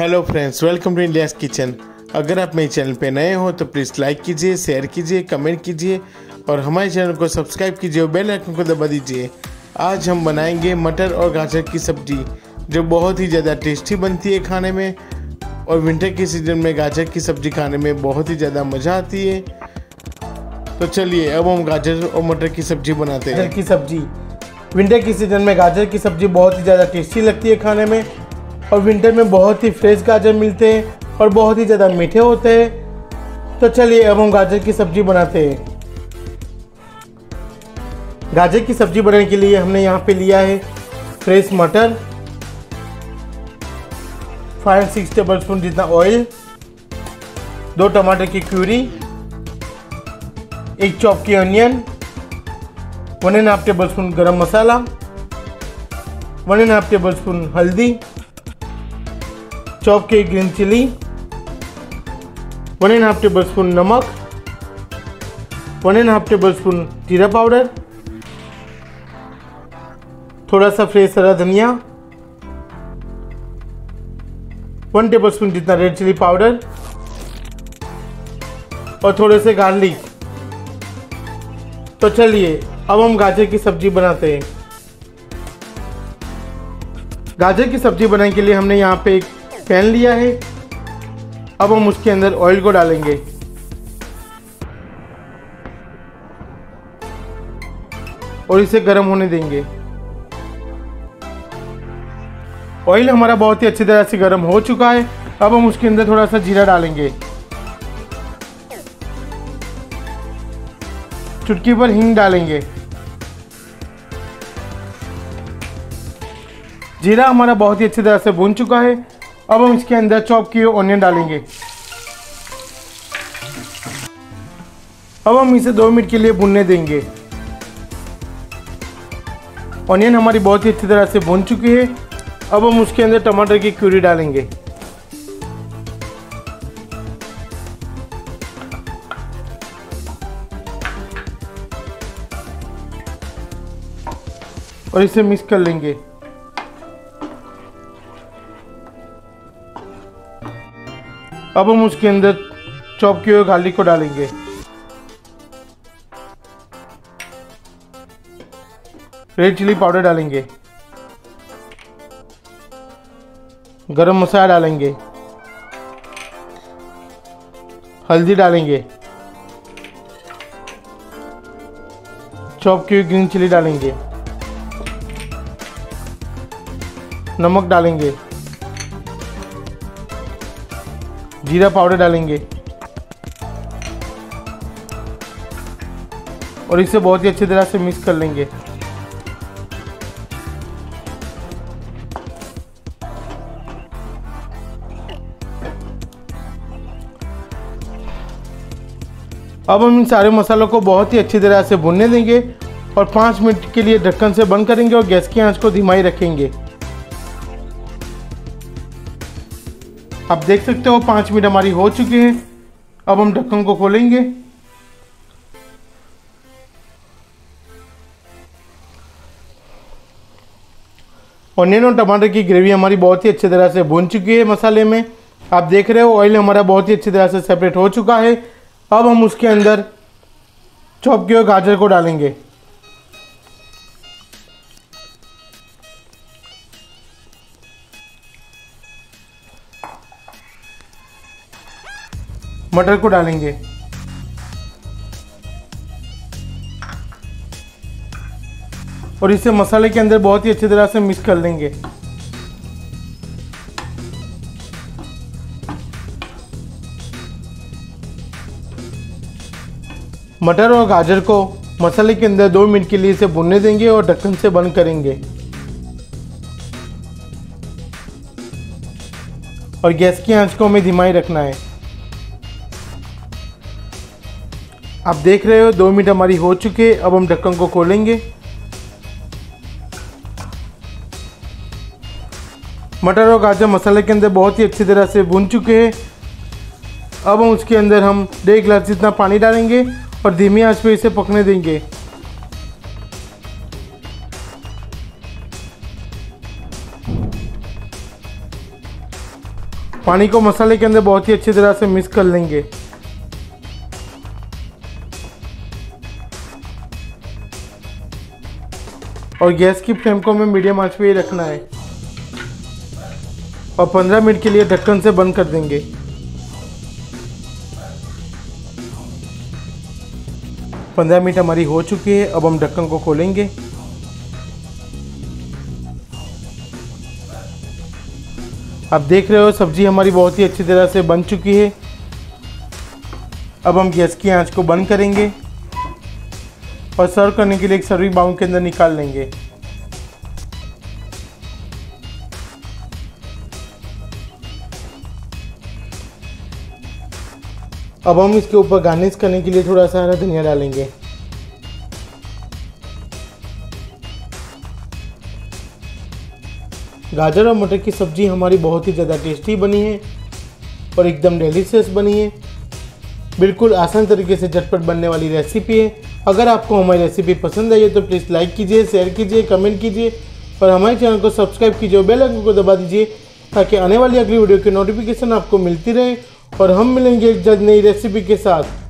hello friends welcome to India kitchen अगर आप मेरे चैनल पे नए हो तो प्लीज़ लाइक कीजिए शेयर कीजिए कमेंट कीजिए और हमारे चैनल को सब्सक्राइब कीजिए और बेल आइकन को दबा दीजिए आज हम बनाएंगे मटर और गाजर की सब्जी जो बहुत ही ज़्यादा टेस्टी बनती है खाने में और विंटर के सीजन में गाजर की सब्जी खाने में बहुत ही ज़्यादा मज़ा आती है तो चलिए अब हम गाजर और मटर की सब्जी बनाते हैं गाजर की सब्जी विंटर के सीजन में गाजर की सब्जी बहुत ही ज़्यादा टेस्टी लगती है खाने में और विंटर में बहुत ही फ्रेश गाजर मिलते हैं और बहुत ही ज़्यादा मीठे होते हैं तो चलिए अब हम गाजर की सब्ज़ी बनाते हैं गाजर की सब्ज़ी बनाने के लिए हमने यहाँ पे लिया है फ्रेश मटर फाइव सिक्स टेबल स्पून जितना ऑयल दो टमाटर की क्यूरी एक चॉप की onion one and half tablespoon garam masala one and half tablespoon हल्दी चॉप के green chilli one and half tablespoon नमक one and half tablespoon जीरा पाउडर थोड़ा सा फ्रेश हरा धनिया वन टेबल स्पून जितना रेड चिली पाउडर और थोड़े से गार्लिक तो चलिए अब हम गाजर की सब्जी बनाते हैं गाजर की सब्जी बनाने के लिए हमने यहाँ पे एक पैन लिया है अब हम उसके अंदर ऑयल को डालेंगे और इसे गर्म होने देंगे ऑयल हमारा बहुत ही अच्छी तरह से गर्म हो चुका है अब हम उसके अंदर थोड़ा सा जीरा डालेंगे चुटकी पर हिंग डालेंगे जीरा हमारा बहुत ही अच्छी तरह से भून चुका है अब हम इसके अंदर चॉप किए ऑनियन डालेंगे अब हम इसे दो मिनट के लिए भुनने देंगे ऑनियन हमारी बहुत ही अच्छी तरह से भुन चुकी है अब हम उसके अंदर टमाटर की क्यूरी डालेंगे और इसे मिक्स कर लेंगे अब हम उसके अंदर चॉप किए हुए गार्लिक को डालेंगे रेड चिली पाउडर डालेंगे गरम मसाला डालेंगे हल्दी डालेंगे चॉप की हुई ग्रीन चिली डालेंगे नमक डालेंगे जीरा पाउडर डालेंगे और इसे बहुत ही अच्छी तरह से मिक्स कर लेंगे अब हम इन सारे मसालों को बहुत ही अच्छी तरह से भुनने देंगे और पाँच मिनट के लिए ढक्कन से बंद करेंगे और गैस की आंच को धीमा ही रखेंगे आप देख सकते हो पाँच मिनट हमारी हो चुके हैं अब हम ढक्कन को खोलेंगे ऑनियन और टमाटर की ग्रेवी हमारी बहुत ही अच्छी तरह से भुन चुकी है मसाले में आप देख रहे हो ऑयल हमारा बहुत ही अच्छी तरह से सेपरेट हो चुका है अब हम उसके अंदर चॉप किए हुए गाजर को डालेंगे मटर को डालेंगे और इसे मसाले के अंदर बहुत ही अच्छी तरह से मिक्स कर लेंगे मटर और गाजर को मसाले के अंदर दो मिनट के लिए इसे भुनने देंगे और ढक्कन से बंद करेंगे और गैस की आंच को हमें धीमा ही रखना है आप देख रहे हो दो मिनट हमारी हो चुके अब हम ढक्कन को खोलेंगे मटर और गाजर मसाले के अंदर बहुत ही अच्छी तरह से भून चुके हैं अब हम उसके अंदर हम डेढ़ गिलास जितना पानी डालेंगे और धीमी आंच पे इसे पकने देंगे पानी को मसाले के अंदर बहुत ही अच्छी तरह से मिक्स कर लेंगे और गैस की फ्लेम को हमें मीडियम आंच पे ही रखना है और 15 मिनट के लिए ढक्कन से बंद कर देंगे पंद्रह मिनट हमारी हो चुकी है अब हम ढक्कन को खोलेंगे आप देख रहे हो सब्जी हमारी बहुत ही अच्छी तरह से बन चुकी है अब हम गैस की आंच को बंद करेंगे और सर्व करने के लिए एक सर्विंग बाउल के अंदर निकाल लेंगे अब हम इसके ऊपर गार्निश करने के लिए थोड़ा सा हरा धनिया डालेंगे गाजर और मटर की सब्ज़ी हमारी बहुत ही ज़्यादा टेस्टी बनी है और एकदम डेलीशियस बनी है बिल्कुल आसान तरीके से झटपट बनने वाली रेसिपी है अगर आपको हमारी रेसिपी पसंद आई है तो प्लीज़ लाइक कीजिए शेयर कीजिए कमेंट कीजिए और हमारे चैनल को सब्सक्राइब कीजिए और बेल आइकन को दबा दीजिए ताकि आने वाली अगली वीडियो की नोटिफिकेशन आपको मिलती रहे और हम मिलेंगे जल्द नई रेसिपी के साथ